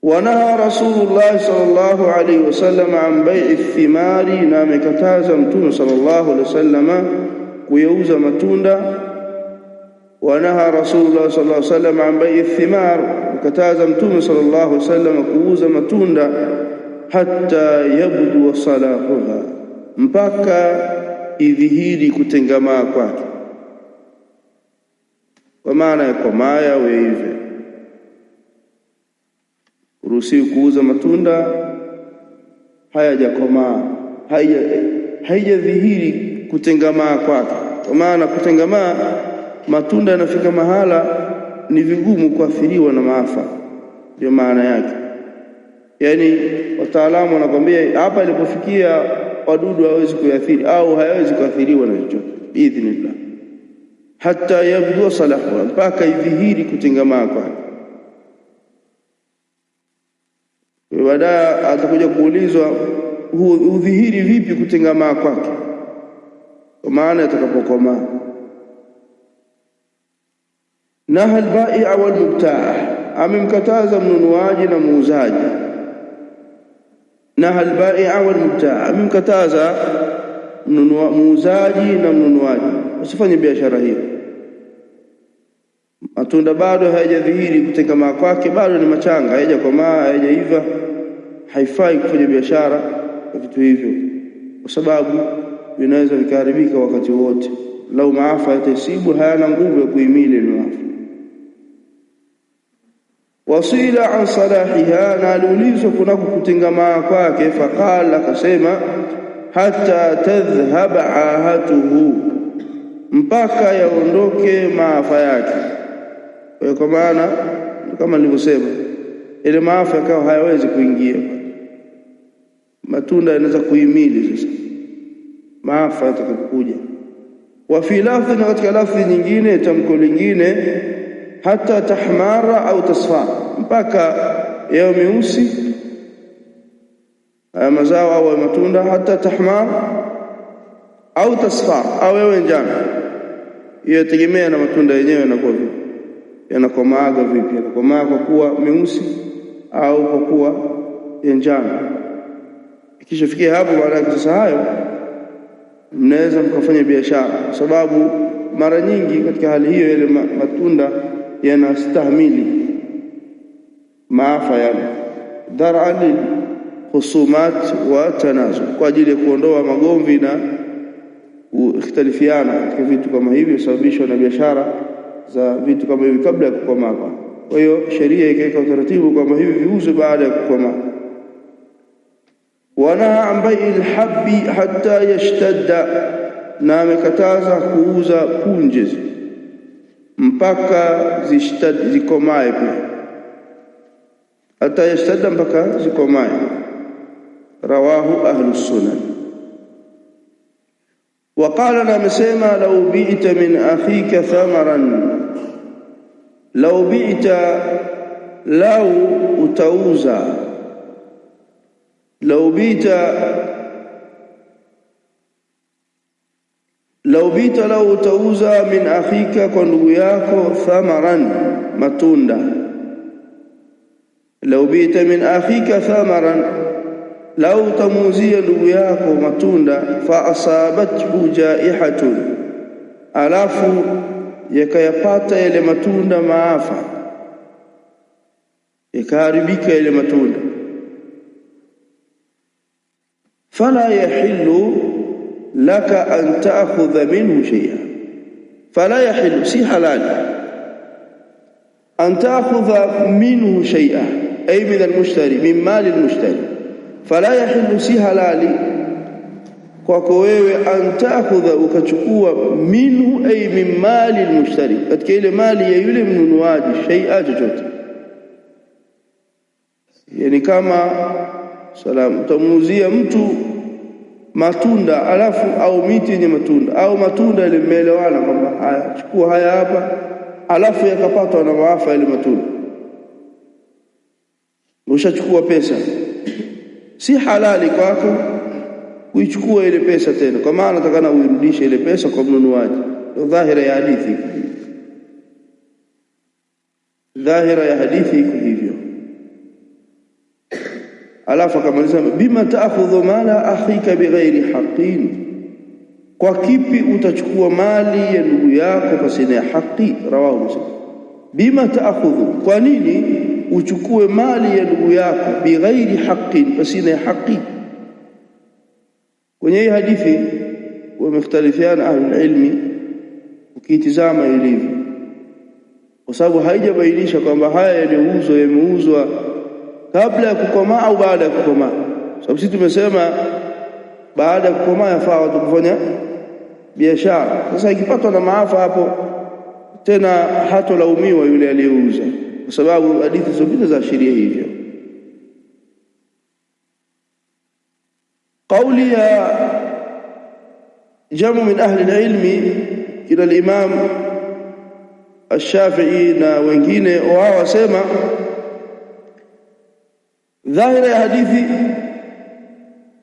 Wanaha Rasulullah sallallahu alayhi wasallam an bai'i thimari, na amekataza mtume sallallahu alayhi wasallam kuyauza matunda. Wanaha Rasulullah sallallahu alayhi wasallam an bai'i thimar, amekataza mtume sallallahu alayhi wasallam kuuza matunda. Hatta yabdu salahuha, mpaka idhihiri kutengamaa kwake, kwa maana maya yaweive huruhusiwi kuuza matunda hayajakomaa, haijadhihiri kutengamaa kwake. Kwa maana kutengamaa, matunda yanafika mahala ni vigumu kuathiriwa na maafa, ndio maana yake. Yaani wataalamu wanakwambia hapa ilipofikia wadudu hawezi kuathiri au hayawezi kuathiriwa na chochote biidhnillah, hata yabdua salahu, mpaka idhihiri kutengamaa kwake. baadaye atakuja kuulizwa hudhihiri vipi kutengamaa kwake, kwa maana atakapokomaa. Naha albaia walmubtaa, amemkataza mnunuaji na muuzaji. Naha albaia walmubtaa, amemkataza muuzaji na mnunuaji usifanye biashara hiyo. Matunda bado hayajadhihiri, kutengamaa kwake bado ni machanga, hayajakomaa, hayajaiva haifai kufanya biashara na vitu hivyo, kwa sababu vinaweza vikaharibika wakati wote. Lau maafa yatasibu, hayana nguvu ya kuhimili maafa. Wasila an salahiha, na aliulizwa kunako kutengamaa kwake. Faqala, akasema hata tadhhaba ahatuhu, mpaka yaondoke maafa yake. Kwa maana kama nilivyosema, ile maafa yakawa hayawezi kuingia matunda yanaweza kuhimili sasa maafa yatakapokuja. Wa fi lafzi na katika lafzi nyingine, tamko lingine, hata tahmara au tasfa, mpaka yao meusi haya mazao au matunda, hata tahmar au tasfa, au yawe njano. Hiyo yategemea na matunda yenyewe yanakuwa vipi, yanakomaaga vipi, yanakomaa kwa kuwa meusi au kwa kuwa njano fikia hapo, baada ya kusasa hayo, mnaweza mkafanya biashara, kwa sababu mara nyingi katika hali hiyo yale matunda yanastahimili maafa yale, dharaa lil khusumat wa tanazu, kwa ajili ya kuondoa magomvi na ikhtalifiana katika vitu kama hivi, sababishwa na biashara za vitu kama hivi kabla ya kukomaa. Kwa hiyo sheria ikaweka utaratibu kwamba hivi viuzwe baada ya kukomaa. ونهى عن بيع الحب حتى يشتد نامكتازا كوزا كونجز مبكا زشتد زكوماي حتى يشتد مبكا زكوماي رواه أهل السنن وقال نامسيما لو بئت من أخيك ثمرا لو بئت لو أتوزا lau bita lau bita, lau utauza min akhika, kwa yako, thamaran, matunda. Lau bita min akhika thamaran, lau utamuuzia ndugu yako matunda. Fa asabathu alafu yakayapata yale matunda maafa, yakaharibika yale matunda fala yahillu laka an ta'khudha minhu shay'a, fala yahillu, si halali an ta'khudha minhu shay'a ay min almushtari, min mali almushtari. Fala yahillu, si halali kwako wewe an ta'khudha, ukachukua minhu ay min mali almushtari, katika ile mali ya yule mnunuaji, shay'a, chochote yani kama salamu utamuuzia mtu matunda alafu au miti yenye matunda au matunda ile, mmeelewana kwamba haya chukua haya hapa, alafu yakapatwa na maafa ile matunda, ushachukua pesa, si halali kwako kuichukua ile pesa tena, kwa maana nataka uirudishe ile pesa kwa mnunuaji. Dhahira ya hadithi dhahira ya hadithi iko hivyo. Alafu akamaliza bima taakhudhu mala akhika bighairi haqqin, kwa kipi utachukua mali ya ndugu yako pasina ya haki? Rawahu Muslim. Bima taakhudhu, kwa nini uchukue mali ya ndugu yako bighairi haqqin, pasina ya haki? Kwenye hii hadithi wamekhtalifiana ahlulilmi, ukiitizama ilivyo, kwa sababu haijabainisha kwamba haya yaliyouzwa yameuzwa kabla ya kukomaa au baada ya kukomaa. Sababu sisi tumesema baada ya kukomaa yafaa watu kufanya biashara. Sasa ikipatwa na maafa hapo tena hatolaumiwa yule aliyeuza, kwa sababu hadithi zote za sheria hivyo. Kauli ya jamu min ahli alilmi ila alimamu Alshafii na wengine wao wasema Dhahira ya hadithi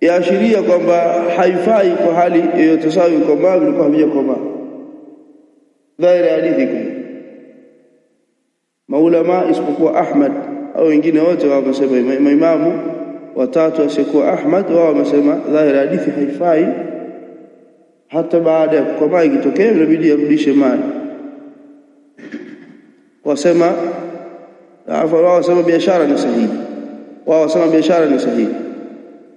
yaashiria kwamba haifai kwa hali yoyote, sawa vikomaa vilikuwa mbali Dhahira ya hadithi kwa maulama isipokuwa Ahmad au wengine wote wao wamesema, maimamu watatu wasiokuwa Ahmad wao wamesema dhahira ya hadithi haifai. Hata baada ya kukomaa ikitokea, inabidi arudishe mali. Wasema wao wasema biashara ni sahihi wao wasema biashara ni sahihi,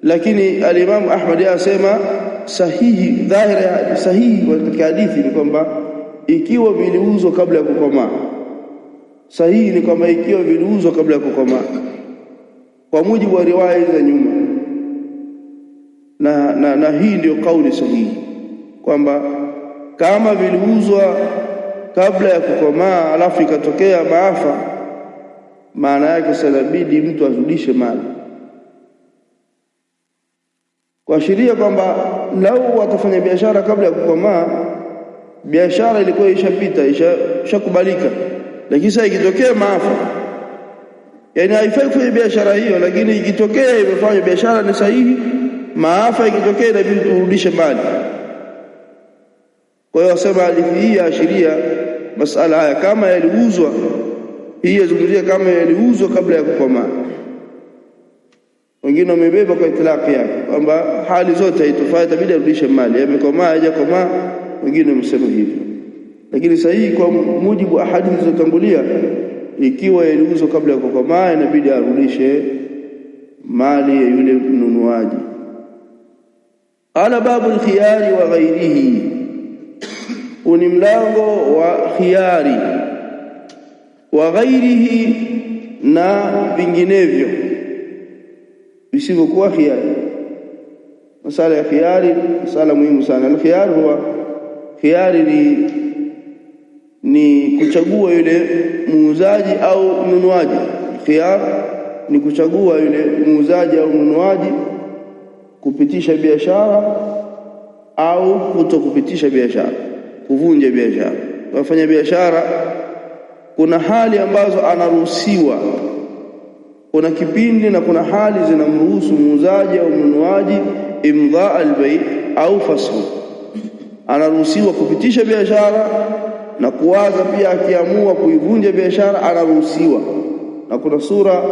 lakini alimamu Ahmad asema sahihi, dhahira sahihi katika hadithi ni kwamba ikiwa viliuzwa kabla ya kukomaa. Sahihi ni kwamba ikiwa viliuzwa kabla ya kukomaa, kwa mujibu wa riwaya za nyuma, na, na, na hii ndio kauli sahihi kwamba kama viliuzwa kabla ya kukomaa alafu ikatokea maafa maana yake sanabidi mtu azudishe mali kuashiria kwamba lau watafanya biashara kabla ya kukomaa, biashara ilikuwa ishapita ishakubalika, lakini sasa ikitokea maafa, yani haifai kufanya biashara hiyo, lakini ikitokea imefanya biashara ni sahihi, maafa ikitokea inabidi turudishe mali. Kwa hiyo wasema hadithi hii yaashiria masala haya, kama yaliuzwa hii yazungumzia kama yaliuzwa kabla ya kukomaa. Wengine wamebeba kwa itilaki yake kwamba hali zote haitofaa, itabidi arudishe mali, yamekomaa hajakomaa, wengine wamesema hivyo. Lakini sahihi kwa mujibu wa hadithi zilizotangulia, ikiwa yaliuzwa kabla ya kukomaa, inabidi arudishe mali ya yule mnunuaji. Ala babu alkhiyari wa ghairihi, huu ni mlango wa khiyari wa ghairihi na vinginevyo visivyokuwa khiari. Masala ya khiari, masala muhimu sana. alkhiari huwa khiari ni, ni kuchagua yule muuzaji au mnunuaji. Khiyar ni kuchagua yule muuzaji au mnunuaji kupitisha biashara au kutokupitisha biashara, kuvunja biashara. Wafanya biashara kuna hali ambazo anaruhusiwa, kuna kipindi na kuna hali zinamruhusu muuzaji au mnunuaji, imdha albay au fasl, anaruhusiwa kupitisha biashara na kuwaza pia, akiamua kuivunja biashara anaruhusiwa, na kuna sura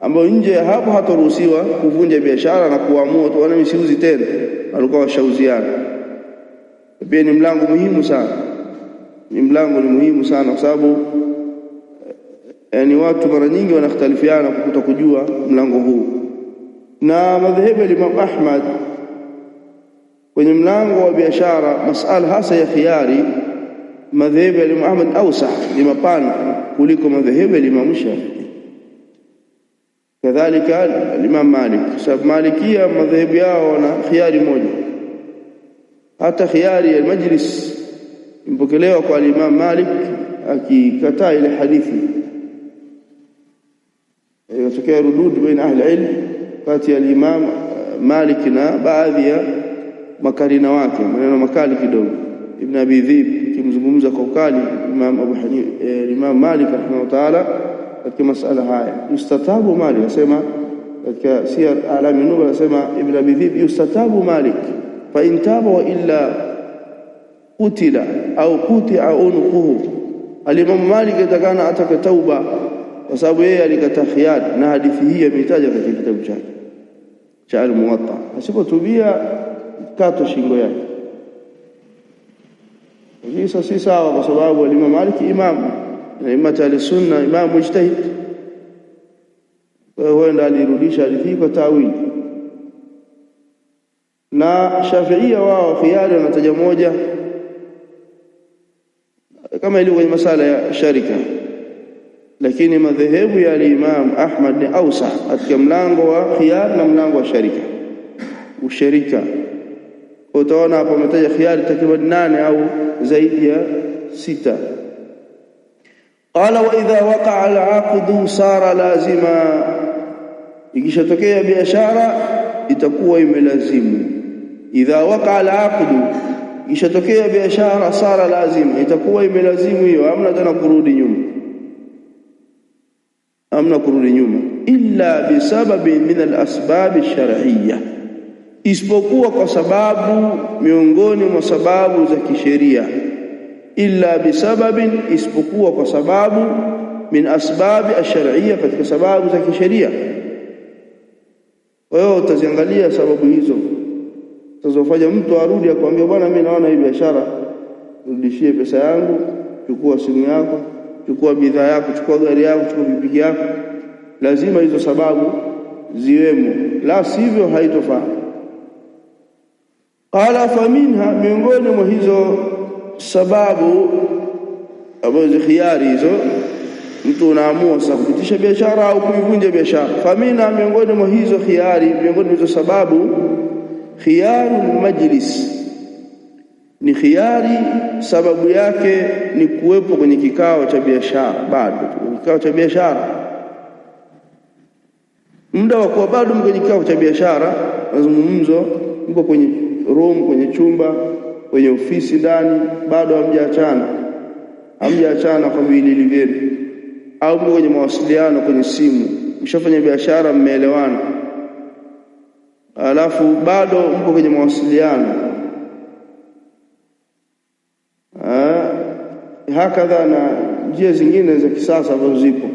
ambayo nje ya hapo hataruhusiwa kuvunja biashara na kuamua tu, ana misiuzi tena, alikuwa washauziana. Pia ni mlango muhimu sana ni mlango ni muhimu sana, kwa sababu eh, yani watu mara nyingi wanakhtalifiana kukuta kujua mlango huu. Na madhehebu ya Imam Ahmad kwenye mlango wa biashara, masala hasa ya khiari madhehebu ya Imam Ahmad ausa, ni mapana kuliko madhehebu ya Imam Shafi'i, kadhalika Imam Malik, kwa sababu Malikia madhehebu yao na khiyari moja, hata khiyari ya majlis Mpokelewa kwa Imam Malik akikataa ile hadithi ikatokea rudud baina ahli ilm kati ya Imam Malik na baadhi ya makarina wake, maneno makali kidogo. Ibn Abi Dhib kimzungumza kwa ukali Imam Abu Hanifa, eh, Imam Malik rahimahullah taala katika masala haya. Yustatabu Malik, asema katika Siyar A'lam an-Nubala, Ibn Abi Dhib, yustatabu Malik fa in taba wa illa kutila au kutia unuquhu. Alimamu Malik atakana ataka tauba, kwa sababu yeye alikata khiyar, na hadithi hii imetaja katika kitabu chake cha Almuwatta. Asipotubia kato shingo yake. Sasa si sawa, kwa sababu alimamu Malik imam na ta sunna imam mujtahid, huenda alirudisha hadithi kwa tawili na Shafiia wao khiari wanataja moja kama ilivyo kwenye masala ya sharika. Lakini madhehebu ya Imam Ahmad ni ausa katika mlango wa khiyar na mlango wa sharika, usharika Utaona hapo ametaja khiyari takriban nane au zaidi ya sita. Qala wa idha waqa'a al-'aqdu sara lazima, ikishatokea biashara itakuwa imelazimu. Idha waqa'a al-'aqdu Ishatokea biashara sara lazima itakuwa imelazimu hiyo, hamna tena kurudi nyuma, hamna kurudi nyuma, illa sababi min al shar'iyya, isipokuwa kwa sababu miongoni mwa sababu za kisheria. Illa bisababin, isipokuwa kwa sababu min asbabi ash-shar'iyya katika sababu za kisheria. wewe utaziangalia sababu hizo. Sasa mtu arudi akwambia, bwana, mimi naona hii biashara, rudishie pesa yangu, chukua simu yako, chukua bidhaa yako, chukua gari yako, chukua pikipiki yako. Lazima hizo sababu ziwemo, la sivyo haitofaa. Qala fa minha miongoni mwa hizo sababu ambazo khiari hizo mtu unaamua sasa kupitisha biashara au kuivunja biashara. Famina, miongoni mwa hizo khiari, miongoni mwa hizo sababu Khiyaru majlis ni khiyari, sababu yake ni kuwepo kwenye kikao cha biashara, bado kikao cha biashara, muda wa kuwa bado kwenye kikao cha biashara, mazungumzo, mko kwenye room, kwenye chumba, kwenye ofisi ndani, bado hamjaachana, hamjaachana kwa viwiliwili vyenu, au mko kwenye mawasiliano, kwenye simu, mshafanya biashara, mmeelewana alafu bado mko kwenye mawasiliano ah, hakadha, na njia zingine za kisasa ambazo zipo,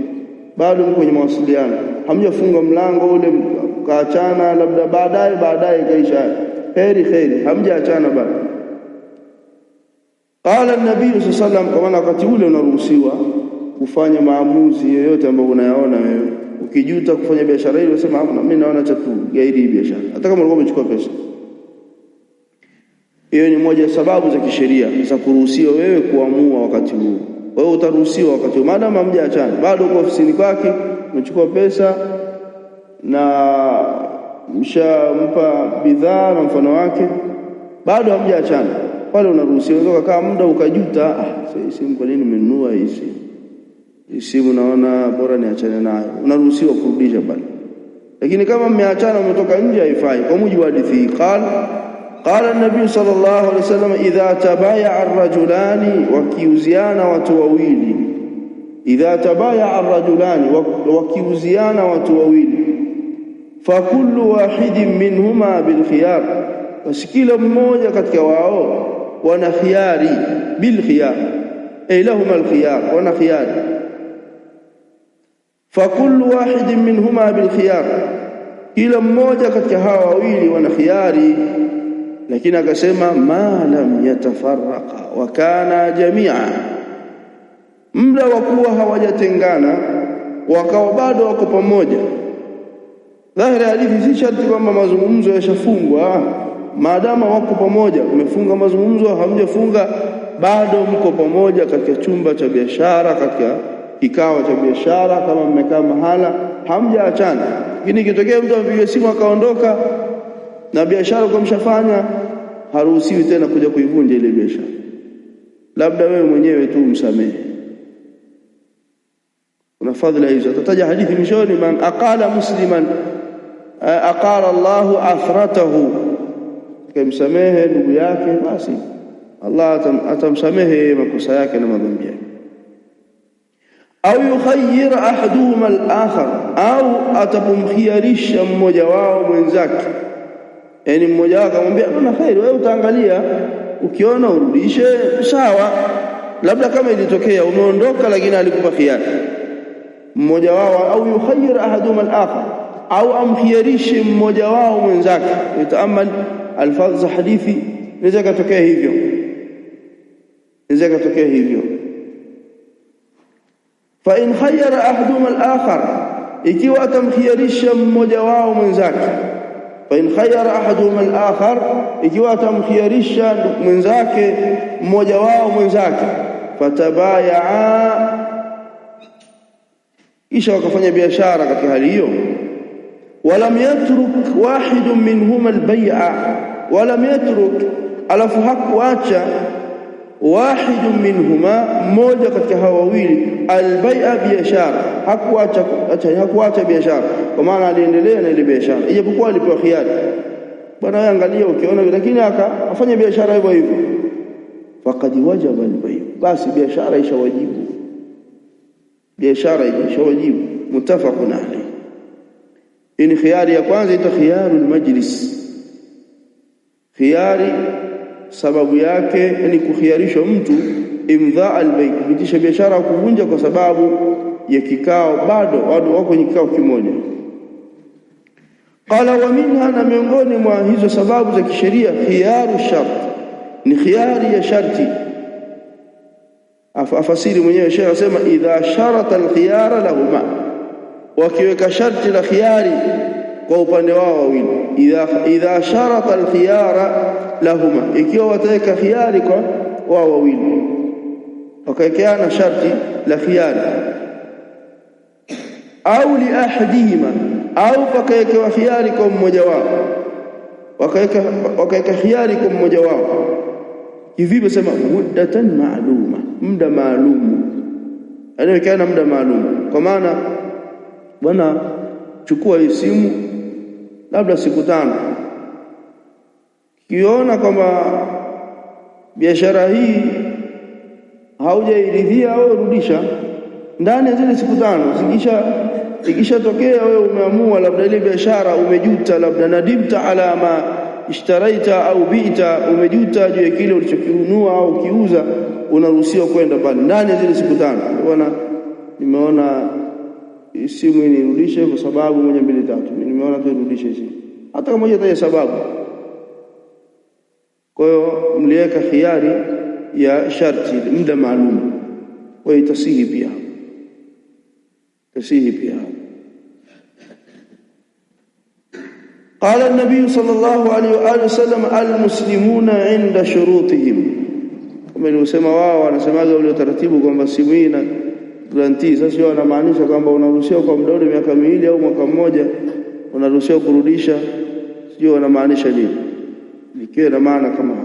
bado mko kwenye mawasiliano, hamjafunga mlango ule kaachana labda baadaye baadaye kaisha heri heri, hamjaachana bado. Qala nabii sallallahu alaihi wasallam, kwa maana wakati ule unaruhusiwa kufanya maamuzi yoyote ambayo unayaona wewe ukijuta kufanya biashara hiyo, unasema hapana, mimi naona cha kugairi hii biashara, hata kama ulikuwa umechukua pesa hiyo. Ni moja ya sababu za kisheria za kuruhusiwa wewe kuamua wakati huo. Wewe utaruhusiwa wakati huo, maadamu hamja achana, bado uko ofisini kwake, umechukua pesa na mshampa bidhaa na mfano wake, bado hamja pale unaruhusiwa. Unaweza kukaa muda ukajuta, ah, sasa kwa nini nimenunua hii simu naona bora niachane nayo, unaruhusiwa kurudisha bali. Lakini kama mmeachana, umetoka nje, haifai kwa mujibu wa hadithi hii. Qala an-nabiy sallallahu alaihi wasallam, idha tabaya ar-rajulani, wakiuziana watu wawili. Idha tabaya ar-rajulani, wakiuziana watu wawili. Fa kullu wahidin minhuma bil khiyar, kila mmoja katika wao wana khiyari, bil khiyar ay lahum al khiyar, wana khiyari fakulu wahidin minhuma bilkhiyar, kila mmoja katika hawa wawili wana khiyari. Lakini akasema ma lam yatafarraqa wa kana jamia, mda wa kuwa hawajatengana wakawa bado wako pamoja. Dhahiri hadithi, si sharti kwamba mazungumzo yashafungwa maadamu wako pamoja. Umefunga mazungumzo, hamjafunga bado, mko pamoja katika chumba cha biashara, katika kikao cha biashara, kama mmekaa mahala hamjaachana, lakini ikitokea mtu ampiga simu akaondoka na biashara kwa mshafanya, haruhusiwi tena kuja kuivunja ile biashara. Labda wewe mwenyewe tu msamehe. Kuna fadhila hizo, atataja hadithi mishoni, man aqala musliman eh, aqala Allahu athratahu, akimsamehe ndugu yake, basi Allah atamsamehe makosa yake na madhambi yake au yukhayyir ahaduhuma al-akhar, au atapomkhiarisha mmoja wao mwenzake. Yani mmoja wao akamwambia bwana, kheri wewe utaangalia, ukiona urudishe sawa. Labda kama ilitokea umeondoka, lakini alikupa khiari mmoja wao, au yukhayyir ahaduhuma al-akhar, au amkhiarishe mmoja wao mwenzake. Taamal alfadh za hadithi, inaweza katokea hivyo, inaweza ikatokea hivyo fa in khayyara ahaduhuma al-akhar ikiwa atamkhiyarisha mmoja wao mwenzake fa in khayyara ahaduhuma al-akhar ikiwa atamkhiyarisha mwenzake mmoja wao mwenzake fatabayaa kisha wakafanya biashara katika hali hiyo walam yatruk wahidu minhuma al-bay'a walam yatruk alafu hakuacha wahidu minhuma, mmoja katika hawa wawili, albaia biashara, hakuacha hakuacha biashara, kwa maana aliendelea na ile biashara, ijapokuwa alipewa khiari, bwana wewe angalia ukiona, lakini aka biashara hivyo hivyo, faqad wajaba albai, basi biashara ishawajibu, biashara ishawajibu. Muttafaqun alayhi. Ini khiyari ya kwanza ita khiyarul majlis, khiyari sababu yake ni kukhiarishwa mtu imdha albay, kupitisha biashara kuvunja kwa sababu ya kikao, bado watu wako kwenye kikao kimoja. Qala wa minha, na miongoni mwa hizo sababu za kisheria khiyaru shart, ni khiyari ya sharti. Afasiri mwenyewe Sheikh anasema idha sharata alkhiyara lahuma, wakiweka sharti la khiyari kwa upande wao wawili, idha sharata alkhiyara lahuma, ikiwa wataweka khiari kwa wao wawili, wakawekeana sharti la khiari, au li ahadihima, au pakawekewa khiari kwa mmoja wao, wakaweka wakaweka khiari kwa mmoja wao. Hivyo sema muddatan maaluma, muda maalum, anawekeana muda maalum, kwa maana bwana, chukua hii simu labda siku tano kiona kwamba biashara hii haujairidhia wewe, rudisha ndani ya zile siku tano. Zikisha ikishatokea wewe umeamua labda ile biashara umejuta, labda nadimta ala ma ishtaraita au biita, umejuta juu ya kile ulichokinunua au kiuza, unaruhusiwa kwenda pale ndani ya zile siku tano. Bwana, nimeona simu inirudishe kwa sababu moja mbili tatu, nimeona tu irudishe simu, hata kama moja sababu kwa hiyo mliweka khiari ya sharti muda maalum, kwa itasihi pia, itasihi pia. Qala an-nabiy sallallahu alayhi wa alihi wasallam, almuslimuna inda shurutihim, kama ilivyosema wao wanasemaga ule utaratibu kwamba simu hii na garantii. Sasa hiyo anamaanisha kwamba unaruhusiwa kwa muda wa miaka miwili au mwaka mmoja, unaruhusiwa kurudisha, sio wanamaanisha nini? likiwe na maana kama